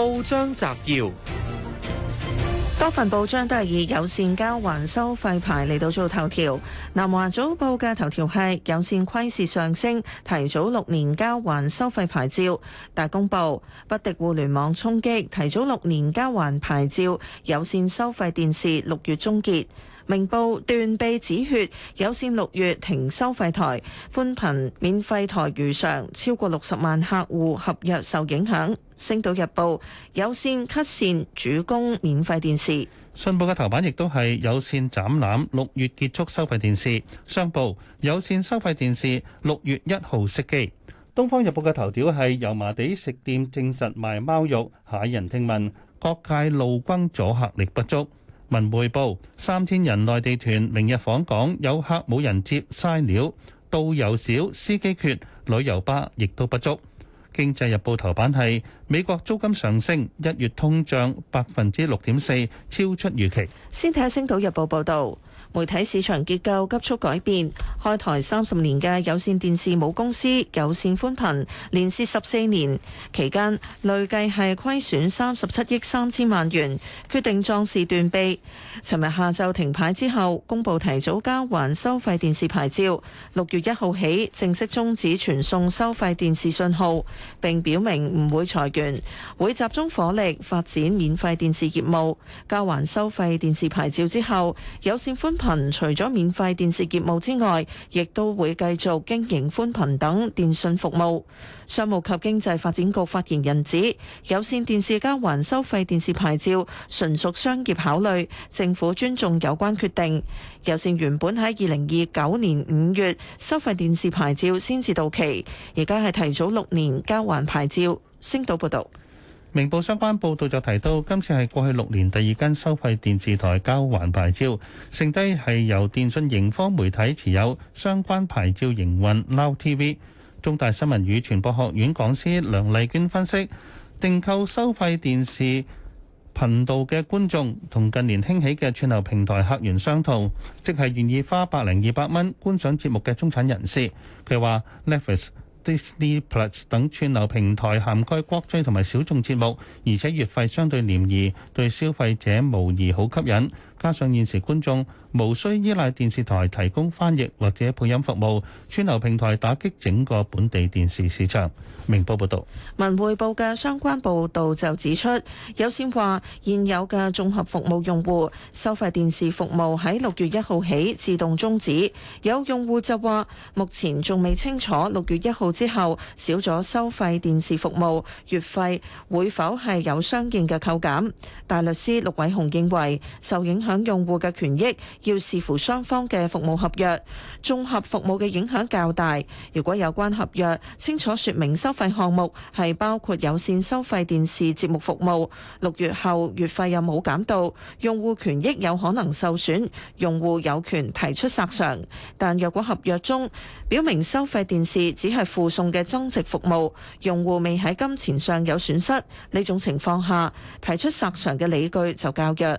報章摘要：多份報章都係以有線交還收費牌，嚟到做頭條。南華早報嘅頭條係有線虧蝕上升，提早六年交還收費牌照。大公報：不敵互聯網衝擊，提早六年交還牌照，有線收費電視六月終結。明報斷臂止血，有線六月停收費台，寬頻免費台如常，超過六十萬客戶合約受影響。星島日報有線 cut 線主攻免費電視。信報嘅頭版亦都係有線斬纜，六月結束收費電視。商報有線收費電視六月一號熄機。東方日報嘅頭條係油麻地食店證實賣貓肉，駭人聽聞。各界怒轟阻嚇力不足。文匯報：三千人內地團明日訪港，有客冇人接，嘥料，導遊少，司機缺，旅遊巴亦都不足。經濟日報頭版係美國租金上升，一月通脹百分之六點四，超出預期。先睇下星島日報報道。媒體市場結構急速改變，開台三十年嘅有線電視母公司有線寬頻，連蝕十四年，期間累計係虧損三十七億三千萬元，決定壯士斷臂。尋日下晝停牌之後，公布提早交還收費電視牌照，六月一號起正式終止傳送收費電視信號，並表明唔會裁員，會集中火力發展免費電視業務。交還收費電視牌照之後，有線寬頻除咗免費電視業務之外，亦都會繼續經營寬頻等電信服務。商務及經濟發展局發言人指，有綫電視交還收費電視牌照純屬商業考慮，政府尊重有關決定。有綫原本喺二零二九年五月收費電視牌照先至到期，而家係提早六年交還牌照。星島報道。明報相關報導就提到，今次係過去六年第二間收費電視台交還牌照，剩低係由電訊盈科媒體持有相關牌照營運。Now TV 中大新聞與傳播學院講師梁麗娟分析，訂購收費電視頻道嘅觀眾同近年興起嘅串流平台客源相同，即係願意花百零二百蚊觀賞節目嘅中產人士。佢話：Netflix Disney Plus 等串流平台涵蓋國際同埋小眾節目，而且月費相對廉宜，對消費者無疑好吸引。加上現時觀眾無需依賴電視台提供翻譯或者配音服務，串流平台打擊整個本地電視市場。明報報道，文匯報嘅相關報道就指出，有線話現有嘅綜合服務用戶收費電視服務喺六月一號起自動終止。有用戶就話，目前仲未清楚六月一號之後少咗收費電視服務月費會否係有相應嘅扣減，大律師陸偉雄認為受影響。響用戶嘅權益要視乎雙方嘅服務合約，綜合服務嘅影響較大。如果有關合約清楚說明收費項目係包括有線收費電視節目服務，六月後月費又冇減到，用戶權益有可能受損，用戶有權提出索償。但若果合約中表明收費電視只係附送嘅增值服務，用戶未喺金錢上有損失，呢種情況下提出索償嘅理據就較弱。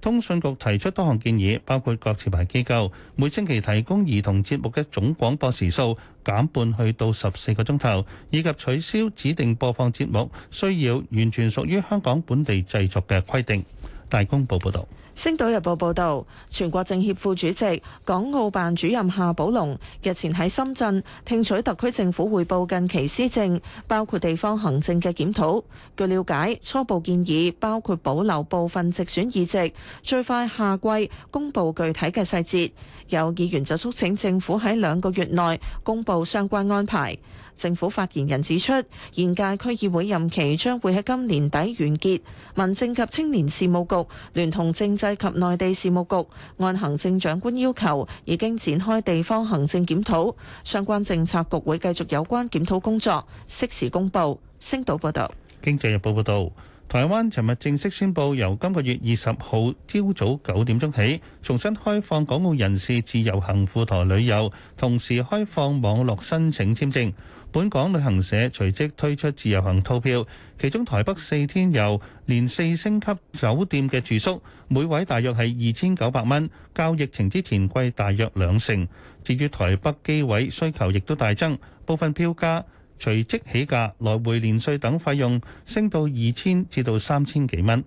通訊局提出多項建議，包括各持牌機構每星期提供兒童節目嘅總廣播時數減半，去到十四個鐘頭，以及取消指定播放節目需要完全屬於香港本地製作嘅規定。大公報報道。星島日報報道，全國政協副主席、港澳辦主任夏寶龍日前喺深圳聽取特區政府匯報近期施政，包括地方行政嘅檢討。據了解，初步建議包括保留部分直選議席，最快下季公布具體嘅細節。有議員就促請政府喺兩個月內公布相關安排。政府發言人指出，現屆區議會任期將會喺今年底完結。民政及青年事務局聯同政制及內地事務局，按行政長官要求，已經展開地方行政檢討，相關政策局會繼續有關檢討工作，適時公佈。星島報道，《經濟日報》報導，台灣尋日正式宣布，由今個月二十號朝早九點鐘起，重新開放港澳人士自由行赴台旅遊，同時開放網絡申請簽證。本港旅行社隨即推出自由行套票，其中台北四天遊連四星級酒店嘅住宿，每位大約係二千九百蚊，較疫情之前貴大約兩成。至於台北機位需求亦都大增，部分票價隨即起價，來回年稅等費用升到二千至到三千幾蚊。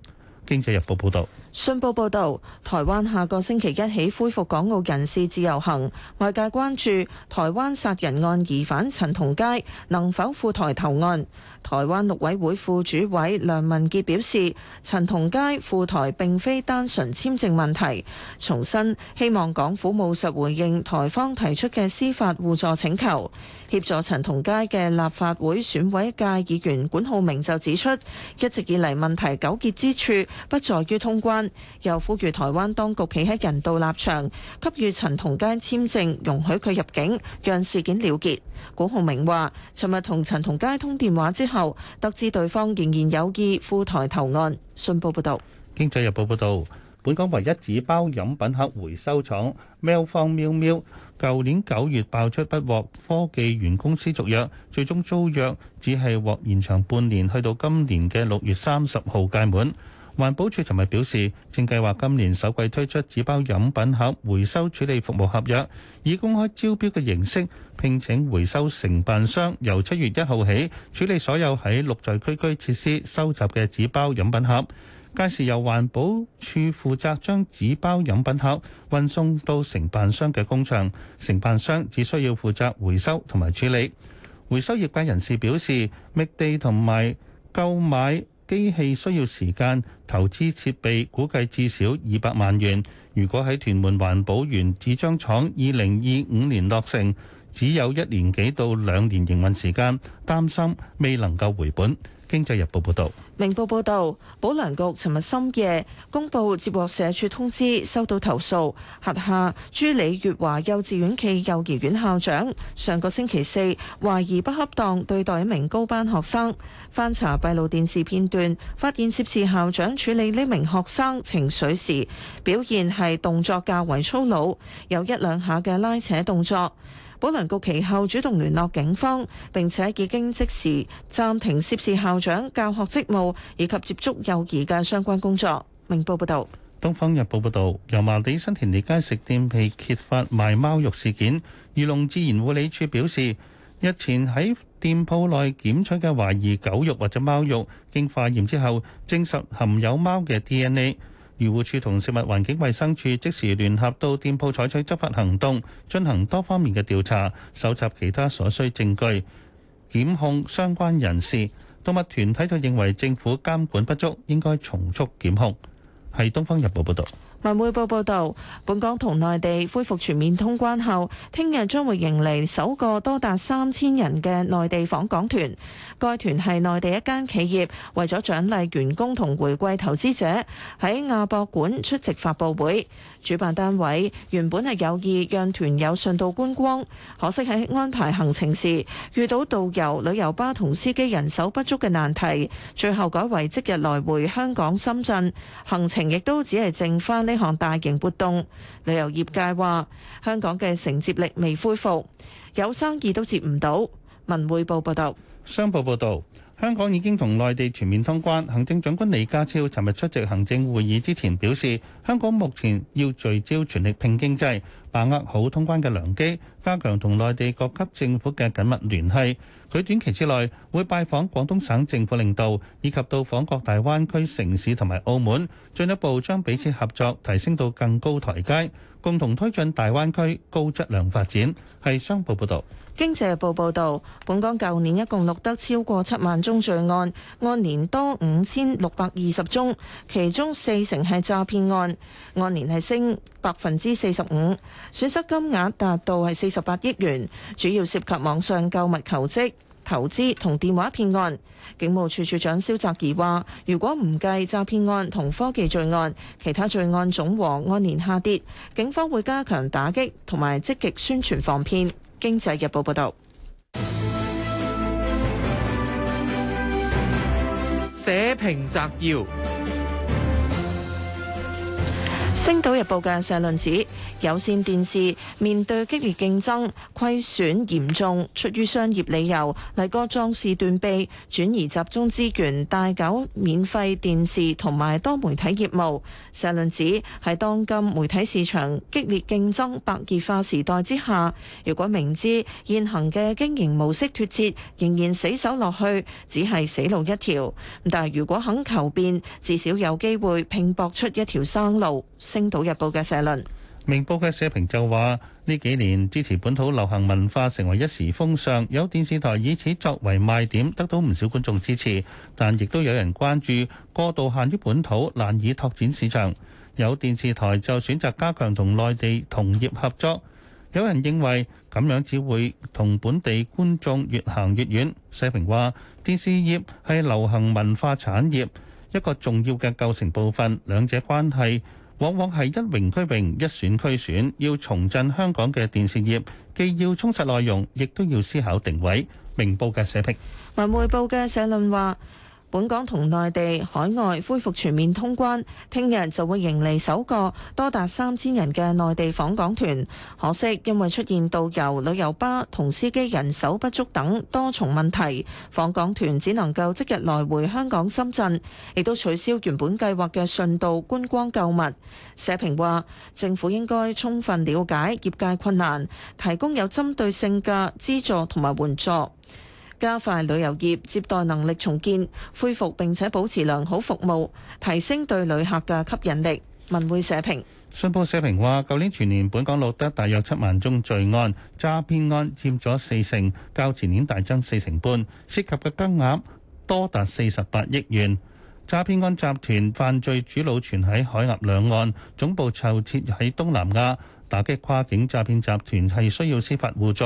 經濟日報報道。信報報導，台灣下個星期一起恢復港澳人士自由行。外界關注台灣殺人案疑犯陳同佳能否赴台投案。台灣陸委會副主委梁文傑表示，陳同佳赴台並非單純簽證問題。重申希望港府務實回應台方提出嘅司法互助請求，協助陳同佳嘅立法會選委界議員管浩明就指出，一直以嚟問題糾結之處不在於通關。又呼籲台灣當局企喺人道立場，給予陳同佳簽證，容許佢入境，讓事件了結。古浩明話，尋日同陳同佳通電話之後，得知對方仍然有意赴台投案。信報報道。《經濟日報》報道，本港唯一紙包飲品盒回收廠喵坊喵喵，舊年九月爆出不獲科技園公司續約，最終租約只係獲延長半年，去到今年嘅六月三十號屆滿。環保署尋日表示，正計劃今年首季推出紙包飲品盒回收處理服務合約，以公開招標嘅形式聘請回收承辦商由7，由七月一號起處理所有喺綠在區區設施收集嘅紙包飲品盒。屆時由環保署負責將紙包飲品盒運送到承辦商嘅工場，承辦商只需要負責回收同埋處理。回收業界人士表示，覓地同埋購買。機器需要時間投資設備，估計至少二百萬元。如果喺屯門環保園紙張廠，二零二五年落成，只有一年幾到兩年營運時間，擔心未能夠回本。經濟日報報道，明報報道，保良局尋日深夜公布接獲社署通知，收到投訴，轄下朱李月華幼稚園暨幼兒園校長上個星期四懷疑不恰當對待一名高班學生，翻查閉路電視片段，發現涉事校長處理呢名學生情緒時，表現係動作較為粗魯，有一兩下嘅拉扯動作。保良局其後主動聯絡警方，並且已經即時暫停涉事校長教學職務以及接觸幼兒嘅相關工作。明報報道。《東方日報》報道，油麻地新填地街食店被揭發賣貓肉事件，漁農自然護理處表示，日前喺店鋪內檢取嘅懷疑狗肉或者貓肉，經化驗之後，證實含有貓嘅 DNA。漁護署同食物環境衛生署即時聯合到店鋪採取執法行動，進行多方面嘅調查，蒐集其他所需證據，檢控相關人士。動物團體就認為政府監管不足，應該從速檢控。係東方日報報道。文匯報報道，本港同內地恢復全面通關後，聽日將會迎嚟首個多達三千人嘅內地訪港團。該團係內地一間企業為咗獎勵員工同回饋投資者，喺亞博館出席發佈會。主辦單位原本係有意讓團友順道觀光，可惜喺安排行程時遇到導遊、旅遊巴同司機人手不足嘅難題，最後改為即日來回香港、深圳。行程亦都只係剩翻。呢項大型活動，旅遊業界話香港嘅承接力未恢復，有生意都接唔到。文匯報報導，商報報導，香港已經同內地全面通關。行政長官李家超尋日出席行政會議之前表示，香港目前要聚焦全力拼經濟，把握好通關嘅良機，加強同內地各級政府嘅緊密聯繫。佢短期之內會拜訪廣東省政府領導，以及到訪各大灣區城市同埋澳門，進一步將彼此合作提升到更高台階，共同推進大灣區高質量發展。係商報報導，經濟報報道《經濟日報》報導，本港舊年一共錄得超過七萬宗罪案，按年多五千六百二十宗，其中四成係詐騙案，按年係升百分之四十五，損失金額達到係四十八億元，主要涉及網上購物求職投資同電話騙案，警務處處長蕭澤頤話：如果唔計詐騙案同科技罪案，其他罪案總和按年下跌，警方會加強打擊同埋積極宣傳防騙。經濟日報報導。社評摘要。《星島日報》嘅社論指有線電視面對激烈競爭，虧損嚴重，出於商業理由嚟個壯士斷臂，轉移集中資源，大搞免費電視同埋多媒體業務。社論指喺當今媒體市場激烈競爭、白熱化時代之下，如果明知現行嘅經營模式脫節，仍然死守落去，只係死路一條。但係如果肯求變，至少有機會拼搏出一條生路。《星島日報》嘅社論，《明報》嘅社評就話：呢幾年支持本土流行文化成為一時風尚，有電視台以此作為賣點，得到唔少觀眾支持。但亦都有人關注過度限於本土，難以拓展市場。有電視台就選擇加強同內地同業合作。有人認為咁樣只會同本地觀眾越行越遠。社評話：電視業係流行文化產業一個重要嘅構成部分，兩者關係。往往係一榮俱榮，一損俱損。要重振香港嘅電視業，既要充實內容，亦都要思考定位。明報嘅社評，文匯報嘅社論話。本港同內地海外恢復全面通關，聽日就會迎嚟首個多達三千人嘅內地訪港團。可惜因為出現導遊、旅遊巴同司機人手不足等多重問題，訪港團只能夠即日來回香港深圳，亦都取消原本計劃嘅順道觀光購物。社評話：政府應該充分了解業界困難，提供有針對性嘅資助同埋援助。加快旅遊業接待能力重建、恢復並且保持良好服務，提升對旅客嘅吸引力。文匯社評。信報社評話，舊年全年本港錄得大約七萬宗罪案，詐騙案佔咗四成，較前年大增四成半，涉及嘅金額多達四十八億元。詐騙案集團犯罪主腦存喺海峽兩岸，總部籌設喺東南亞。打擊跨境詐騙集團係需要司法互助，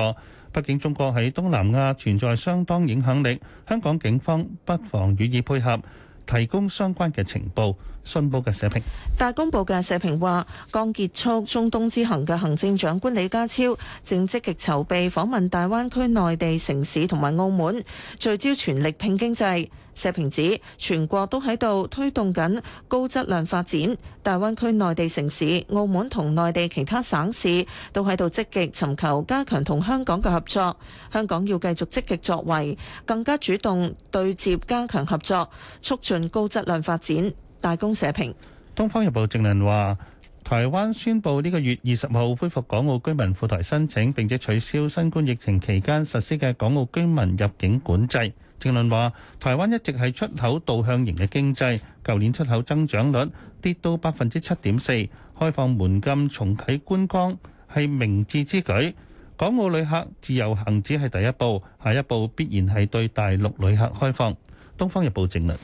畢竟中國喺東南亞存在相當影響力，香港警方不妨予以配合，提供相關嘅情報。信報嘅社評，大公報嘅社評話，剛結束中東之行嘅行政長官李家超正積極籌備訪問大灣區內地城市同埋澳門，聚焦全力拼經濟。社評指，全國都喺度推動緊高質量發展，大灣區內地城市、澳門同內地其他省市都喺度積極尋求加強同香港嘅合作。香港要繼續積極作為，更加主動對接加強合作，促進高質量發展。大公社評，《東方日報》正論話：台灣宣布呢個月二十號恢復港澳居民赴台申請，並且取消新冠疫情期間實施嘅港澳居民入境管制。正論話：台灣一直係出口導向型嘅經濟，舊年出口增長率跌到百分之七點四，開放門禁、重啟觀光係明智之舉。港澳旅客自由行只係第一步，下一步必然係對大陸旅客開放。《東方日報》正論。